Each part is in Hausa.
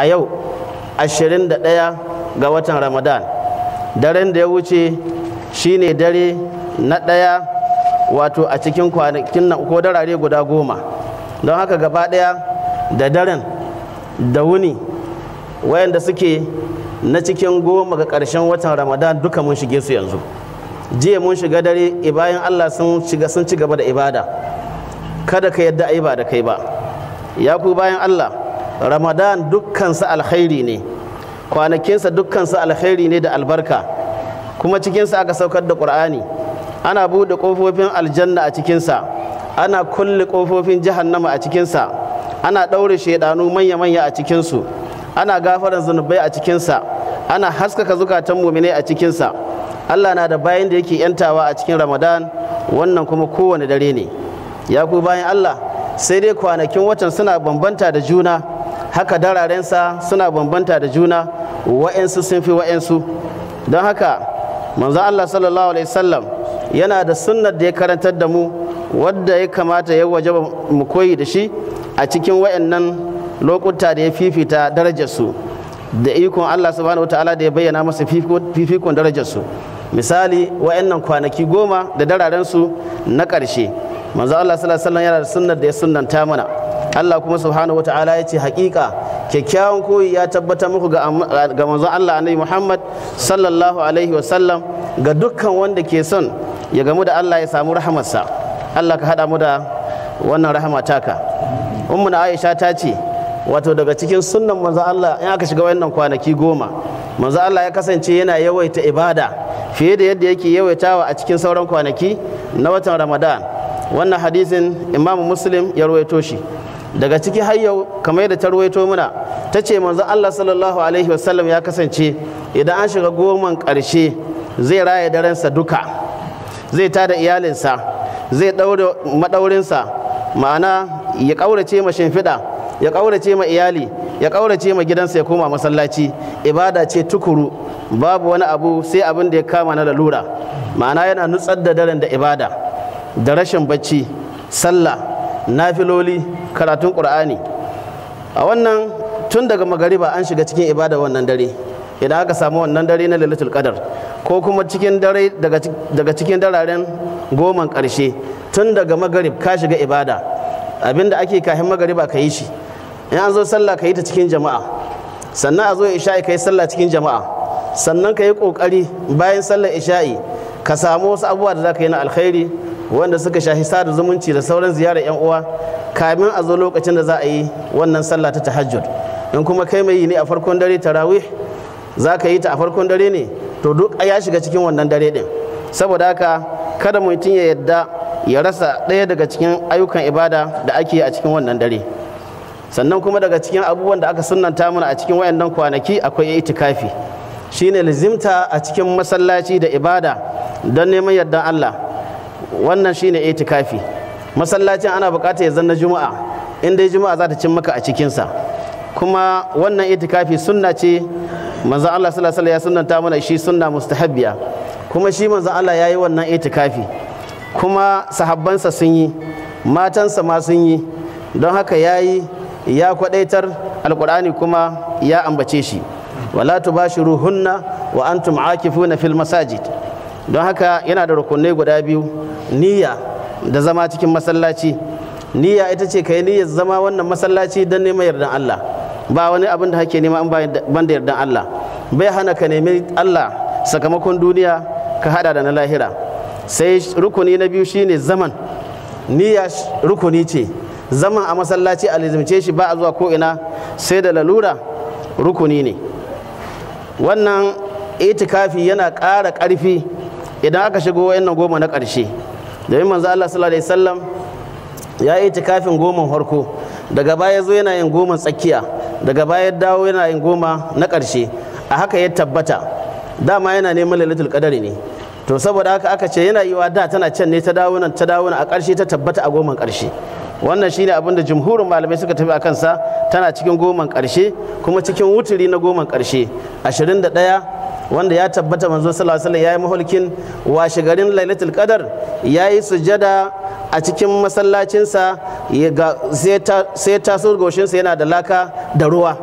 a yau 21 ga watan ramadan daren da ya wuce shine dare na ɗaya wato a cikin kwanakin nan ko darare guda goma don haka gaba ɗaya da daren da wuni wayanda suke na cikin goma ga ƙarshen watan ramadan duka mun shige su yanzu jiya mun shiga dare bayan allah sun shiga sun ci gaba da ibada kada ka yadda a yi ba da kai ba ya ku bayan allah ramadan dukkansa alkhairi ne kwanakinsa dukkansa alkhairi ne da albarka kuma cikinsa aka saukar da ƙur'ani ana buɗe kofofin aljanna a cikinsa ana kulle ƙofofin jahannama a cikinsa ana ɗaure shaidanu manya-manya a cikinsu ana gafaran zunubai a cikinsa ana haskaka zukatan muminai a cikinsa allah na da bayan da yake yantawa a cikin ramadan wannan kuma kowane dare ne ya ku bayan allah sai dai kwanakin watan suna bambanta da juna haka dararensa suna bambanta da juna wa'insu sun fi wa'insu don haka manzo Allah sallallahu alaihi wasallam yana da sunnar da ya karantar da mu wadda ya kamata ya waje mu koyi da shi a cikin wa'annan lokuta da ya fifita darajarsu da ikon Allah subhanahu wataala da ya bayyana masa fifikon darajarsu misali wa'annan kwanaki goma da dararensu na ƙarshe manzo Allah sallallahu alaihi wasallam yana da sunnar da ya sunanta mana Allah kuma subhanahu ta'ala ya ce hakika kyakkyawan koyi ya tabbata muku ga manzon Allah annabi Muhammad sallallahu alaihi wa sallam ga dukkan wanda ke son ya gamu da Allah ya samu rahamarsa Allah ka haɗa mu da wannan rahama taka na Aisha ta ce wato daga cikin sunnan manzon Allah in aka shiga wannan kwanaki goma manzon Allah ya kasance yana yawaita ibada fiye da yadda yake yawaitawa a cikin sauran kwanaki na watan Ramadan wannan hadisin Imam muslim ya ruwaito shi daga ciki har yau kamar yadda ta ruwaito muna ta ce manzo Allah sallallahu alaihi wasallam ya kasance idan an shiga goman ƙarshe zai raya darensa duka zai ta da iyalinsa zai ɗaure maɗaurinsa ma'ana ya ƙaurace ma shimfiɗa ya ƙaurace ma iyali ya ƙaurace ma gidansa ya koma masallaci ibada ce tukuru babu wani abu sai abin da ya kama na lalura ma'ana yana nutsar da daren da ibada da rashin bacci sallah nafiloli karatun ƙur'ani a wannan tun daga magariba an shiga cikin ibada wannan dare idan aka samu wannan dare na lailatul qadar ko kuma cikin dare daga cikin dararen goma ƙarshe tun daga magarib ka shiga ibada abinda ake kahin magariba ka yi shi in an zo sallah ka yi ta cikin jama'a sannan a zo isha'i ka yi sallah cikin jama'a sannan ka yi ƙoƙari bayan sallar isha'i ka samu wasu abubuwa da za ka yi na alkhairi wanda suka shahi da zumunci da sauran ziyarar 'yan uwa kamin a zo lokacin da za a yi wannan sallah ta tahajjud in kuma kai mai yi ne a farkon dare tarawih za ka yi ta a farkon dare ne to duk ya shiga cikin wannan dare din saboda haka kada mutum ya yadda ya rasa ɗaya daga cikin ayyukan ibada da ake a cikin wannan dare sannan kuma daga cikin abubuwan da aka ta mana a cikin wayannan kwanaki akwai itikafi shine lazimta a cikin masallaci da ibada don neman yardan Allah wannan shine itikafi masallacin ana bukata ya zanna juma'a in juma'a za ta cin maka a cikinsa kuma wannan itikafi sunna ce manzo Allah sallallahu alaihi ya sunnanta mana shi sunna mustahabbiya kuma shi manzo Allah yayi wannan itikafi kuma sahabbansa sun yi matansa ma sun yi don haka yayi ya kwadaitar alqur'ani kuma ya ambace shi wala tubashiruhunna wa antum aakifuna fil masajid don haka yana da rukunai guda biyu niyya da zama cikin masallaci niyya ita ce ka yi niyyar zama wannan masallaci don neman yardan Allah ba wani abin da hake nema ban da yardan Allah bai hana ka nemi Allah sakamakon duniya ka hada da na lahira sai rukuni na biyu shine zaman niyya rukuni ce zaman a masallaci a lizimce shi ba a zuwa ko ina sai da lalura rukuni ne wannan itikafi yana ƙara ƙarfi idan aka shigo waɗannan goma na ƙarshe domin manzo Allah sallallahu alaihi wasallam ya yi itikafin goma farko daga baya zo yana yin goma tsakiya daga baya ya dawo yana yin goma na ƙarshe a haka ya tabbata dama yana neman lailatul qadari ne to saboda haka aka ce yana yiwa da tana can ne ta dawo nan ta dawo a ƙarshe ta tabbata a goman ƙarshe wannan shine abin da jumhurin malamai suka tafi akan sa tana cikin goma ƙarshe kuma cikin wuturi na goman ƙarshe 21 wanda ya tabbata manzo sallallahu alaihi ya yi mahulkin washe garin lailatul qadar yayi sujada a cikin masallacinsa sai ta yana da laka da ruwa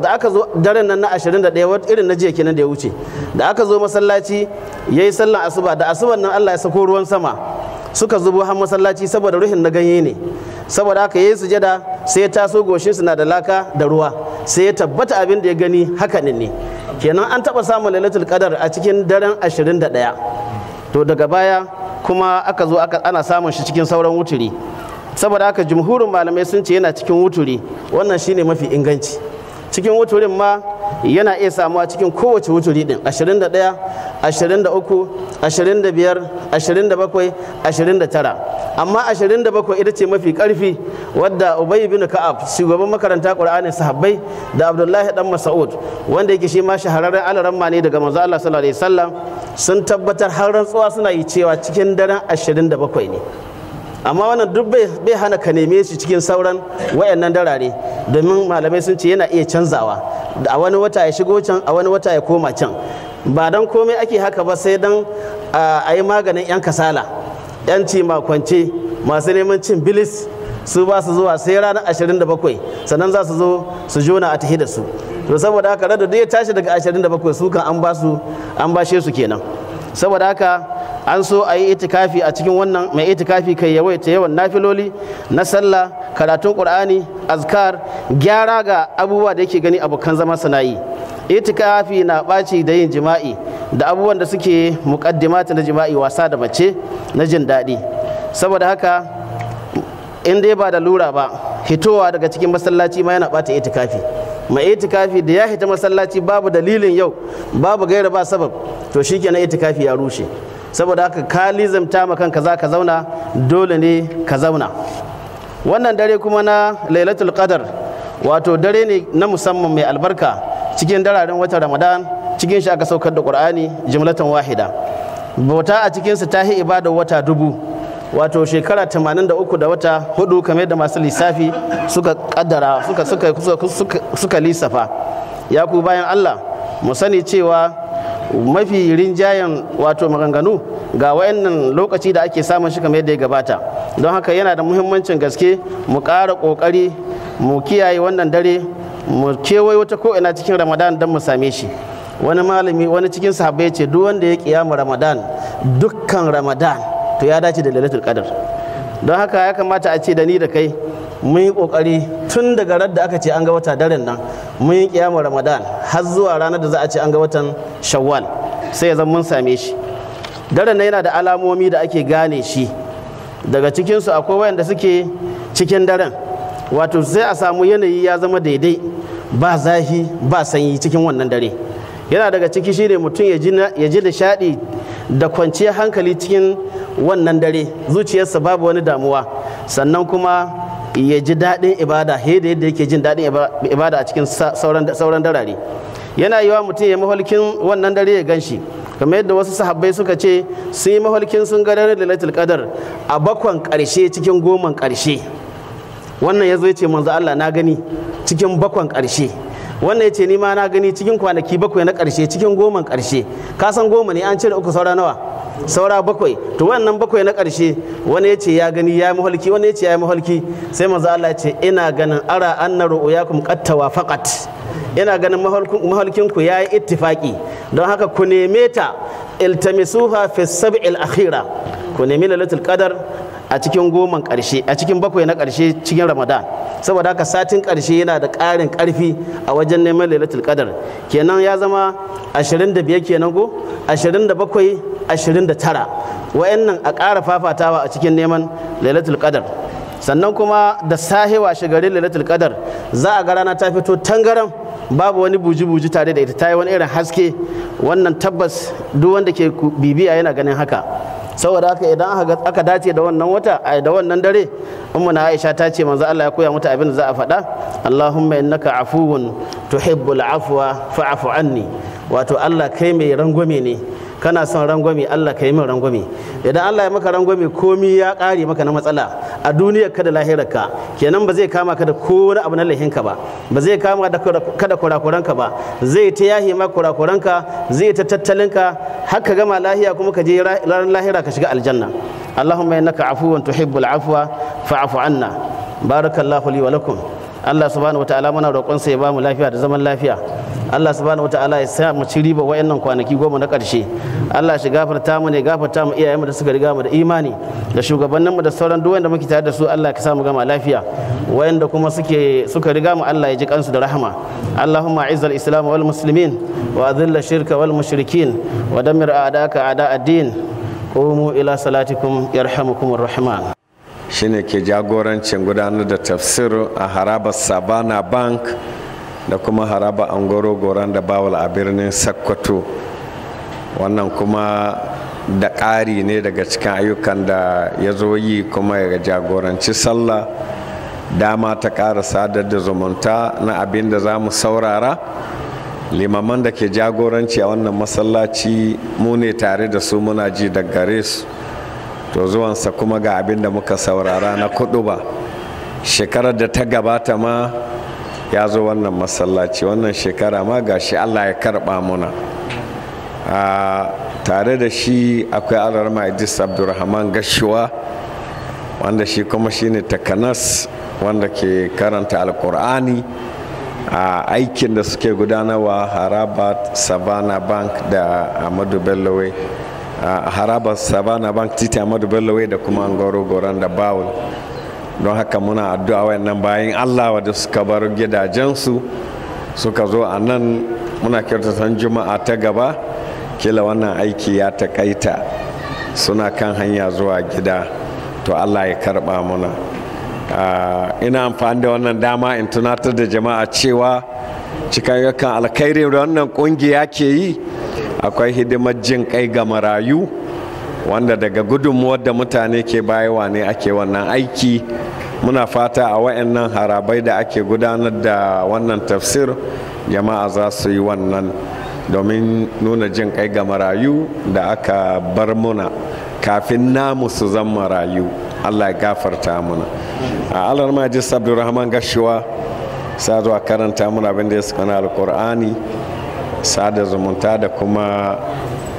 da aka zo daren nan na 21 irin na jiya kenan da ya wuce da aka zo masallaci yayi yi sallan asuba da asuban nan Allah ya sako ruwan sama suka zubo har masallaci saboda ruhin na ganye ne saboda haka yayi sujada sai ya taso goshin na da laka da ruwa sai ya tabbata abin da ya gani haka ne kenan an taɓa samun lailatul qadar a cikin daren 21 to daga baya kuma aka zo ana samun shi cikin sauran wuturi saboda haka jumhurin malamai sun ce yana cikin wuturi wannan shine mafi inganci cikin wuturin ma yana iya samuwa cikin kowace wuturi din 21 23 25 27 29 amma 27 ita ce mafi karfi wadda ubay bin ka'ab shugaban makaranta qur'anin sahabbai da abdullahi dan mas'ud wanda yake shi ma shahararren alaran ne daga manzo Allah sallallahu alaihi wasallam sun tabbatar har rantsuwa suna yi cewa cikin daren 27 ne amma wannan duk bai hana ka neme shi cikin sauran wayannan darare domin malamai sun ce yana iya canzawa a wani wata ya shigo can a wani wata ya koma can ba don komai ake haka ba sai don a yi maganin 'yan kasala 'yan makwance masu neman cin bilis su ba su zuwa sai ranar 27 sannan za su zo su jona a tahi da su to saboda haka rada duk ya tashi daga 27 su kan an ba su an bashe su kenan saboda haka an so a yi itikafi a cikin wannan mai itikafi kai ta yawan nafiloli na sallah karatun qur'ani azkar gyara ga abubuwa da yake gani abokan zama sanayi itikafi na ɓaci da yin jima'i da abubuwan da suke muƙaddimata na jima'i wasa da mace na jin daɗi saboda haka in dai ba da lura ba hitowa daga cikin masallaci ma yana ɓata itikafi mai itikafi da ya hita masallaci babu dalilin yau babu gaira ba sabab to shikenan itikafi ya rushe saboda haka ka lizamta ma kanka za ka zauna dole ne ka zauna wannan dare kuma na lailatul qadar wato dare ne na musamman mai albarka cikin dararen watan ramadan cikin shi aka saukar da ƙur'ani jimlatan wahida bauta a cikinsa ta yi ibada wata dubu wato shekara 83 da wata hudu kamar da masu lissafi suka kaddara suka suka suka lissafa ya ku bayan Allah mu sani cewa mafi rinjayen wato maganganu ga wayannan lokaci da ake samun shi kamar yadda ya gabata don haka yana da muhimmancin gaske mu ƙara ƙoƙari mu kiyaye wannan dare mu kewaye wata ko'ina cikin ramadan don mu same shi wani malami wani cikin sahabbai ce duk wanda ya kiyamu ramadan dukkan ramadan to ya dace da lalatul qadr don haka ya kamata a ce da ni da kai mun yi kokari tun daga ran da aka ce an ga wata daren nan mun yi kiyamu ramadan har zuwa ranar da za a ce an ga watan shawwal sai ya zan mun same shi daren nan yana da alamomi da ake gane shi daga cikinsu akwai wayanda suke cikin daren wato sai a samu yanayi ya zama daidai ba zafi ba sanyi cikin wannan dare yana daga ciki shine mutum ya ji da shaɗi da kwanciyar hankali cikin wannan dare zuciyarsa babu wani damuwa sannan kuma ya ji daɗin ibada da yadda yake jin daɗin ibada a cikin sauran darare yana yi wa mutum ya mahalkin wannan dare ya gan shi kamar yadda wasu sahabbai suka ce sun yi mahalkin sun ga daren da qadar a bakwan ƙarshe cikin goman ƙarshe wannan ya zo ya ce manzo Allah na gani cikin bakon ƙarshe wannan ya ce ni ma na gani cikin kwanaki bakwai na ƙarshe cikin goman ƙarshe ka san goma ne an cire uku saura nawa saura bakwai to wannan bakwai na ƙarshe wani ya ce ya gani ya yi mahalki wani ya ce ya yi mahalki sai manzo Allah ya ce ina ganin ara anna ru'uyakum qad tawafaqat ina ganin mahalkin ku yayi ittifaki don haka ku neme ta iltamisuha fi sab'il akhira ku nemi lailatul qadar a cikin goman ƙarshe a cikin bakwai na ƙarshe cikin ramadan saboda haka satin ƙarshe yana da ƙarin ƙarfi a wajen neman lailatul qadar kenan ya zama 25 kenan go 27 29 wayannan a ƙara fafatawa a cikin neman lailatul qadar sannan kuma da sahewa shigarin lailatul qadar za a ga rana ta fito tangaran babu wani buji-buji tare da ita ta yi wani irin haske wannan tabbas duk wanda ke bibiya yana ganin haka saboda haka idan aka dace da wannan wata da wannan dare umma na Aisha ta ce manzo Allah ya koya mata abin da za a faɗa Allahumma innaka afuwun tuhibbul afwa fa'fu anni wato Allah kai mai rangwame ne kana son rangwame Allah ka yi min rangwame idan Allah ya maka rangwame komi ya ƙare maka na matsala a duniyar ka da lahirarka kenan ba zai kama ka da kowane abu na lahinka ba ba zai kama da kada kurakuranka ba zai ta yahi ma kurakuranka zai ta tattalinka har ka gama lahiya kuma ka je ranar lahira ka shiga aljanna Allahumma innaka afuwan tuhibbul afwa fa'fu anna barakallahu li wa lakum Allah subhanahu muna roƙon sa ya bamu lafiya da zaman lafiya Allah subhanahu ta'ala ya sa mu ci riba wayannan kwanaki goma na ƙarshe Allah shi gafarta mu ne gafarta mu iyayenmu da suka riga mu da imani da shugabannin mu da sauran duk wanda muke tare da su Allah ka sa mu gama lafiya wayanda kuma suke suka riga mu Allah ya ji kansu da rahama Allahumma izzal islam wal muslimin wa adhill shirka wal mushrikin wa damir a'daka a'da ad-din qumu ila salatikum yarhamukumur rahman shine ke jagorancin gudanar da tafsir a harabar Sabana Bank da kuma haraba angoro goron da bawal a birnin sakkwato wannan kuma da ƙari ne daga cikin ayyukan da ya zo yi kuma ya jagoranci sallah dama ta ƙara sadar da zumunta na abin da za mu saurara limaman da ke jagoranci a wannan masallaci mu ne tare da su muna ji da gare su to zuwansa kuma ga abin da muka saurara na kudu ba shekarar da ta gabata ma ya zo wannan masallaci wannan shekara ma gashi allah ya karba muna tare da shi akwai alar ma'ajis abdulrahman Gashiwa, wanda shi kuma shine takanas wanda ke karanta alkur'ani a aikin da suke gudanarwa harabat savannah bank da amadu bellowe harabat savannah bank titi amadu bellowe da kuma angoro da bawul don haka muna addu'a wannan bayan allah wadda suka bar gidajensu suka zo a nan muna kyautatan juma'a ta gaba kila wannan aiki ya taƙaita, suna kan hanya zuwa gida to allah ya karɓa muna ina amfani da wannan dama in tunatar da jama'a cewa cikakken alkhairi da wannan ƙungiya ke yi akwai hidimar jin kai ga marayu wanda daga gudunmuwar da mutane ke bayawa ne ake wannan aiki muna fata a wayannan harabai da ake gudanar da wannan tafsir jama'a za su yi wannan domin nuna jin kai ga marayu da aka bar muna kafin namu su zan marayu allah ya gafarta muna a alar majis abdulrahman gashuwa sa zuwa karanta muna abin ya suka na alkur'ani sada zumunta da kuma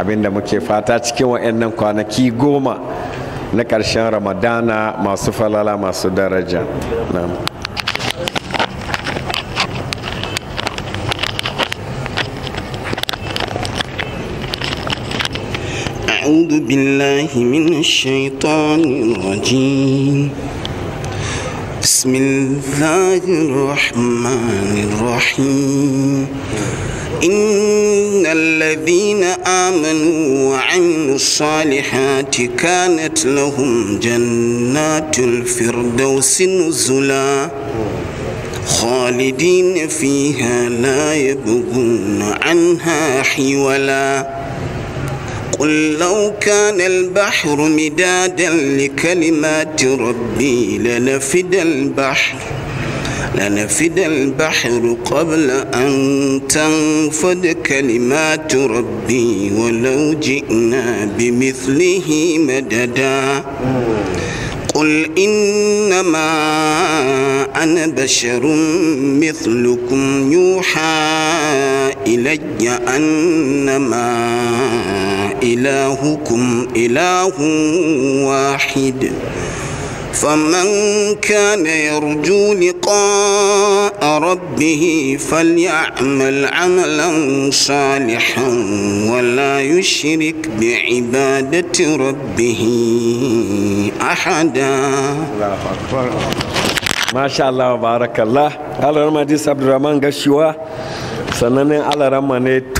abinda muke fata cikin wa'annan kwanaki goma na ƙarshen ramadana masu falala masu daraja أعوذ بالله من الشيطان الرجيم بسم الله الرحمن الرحيم الذين آمنوا وعملوا الصالحات كانت لهم جنات الفردوس نزلا خالدين فيها لا يبغون عنها حولا قل لو كان البحر مدادا لكلمات ربي لنفد البحر لنفد البحر قبل أن تنفد كلمات ربي ولو جئنا بمثله مددا قل إنما أنا بشر مثلكم يوحى إلي أنما إلهكم إله واحد فمن كان يرجو لقاء ربه فليعمل عملا صالحا ولا يشرك بعبادة ربه أحدا ما شاء الله وبارك الله على رمضان عبد الرحمن قشوا سنني على رمضان